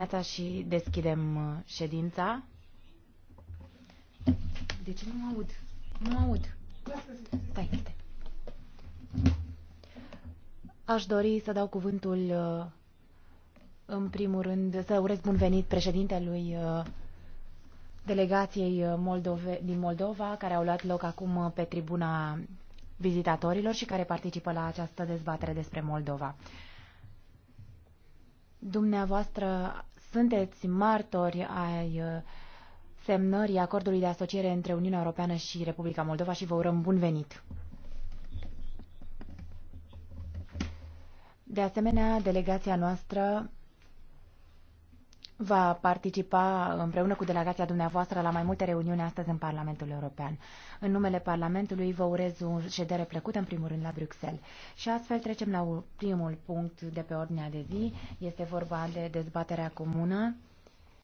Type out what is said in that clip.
Iată și deschidem uh, ședința. De ce nu mă aud? Nu mă aud. Stai, stai. Aș dori să dau cuvântul uh, în primul rând, să urez bun venit președintelui uh, delegației Moldove, din Moldova, care au luat loc acum pe tribuna vizitatorilor și care participă la această dezbatere despre Moldova. Dumneavoastră sunteți martori ai uh, semnării acordului de asociere între Uniunea Europeană și Republica Moldova și vă urăm bun venit! De asemenea, delegația noastră va participa împreună cu delegația dumneavoastră la mai multe reuniuni astăzi în Parlamentul European. În numele Parlamentului vă urez o ședere plăcută, în primul rând, la Bruxelles. Și astfel trecem la primul punct de pe ordinea de zi. Este vorba de dezbaterea comună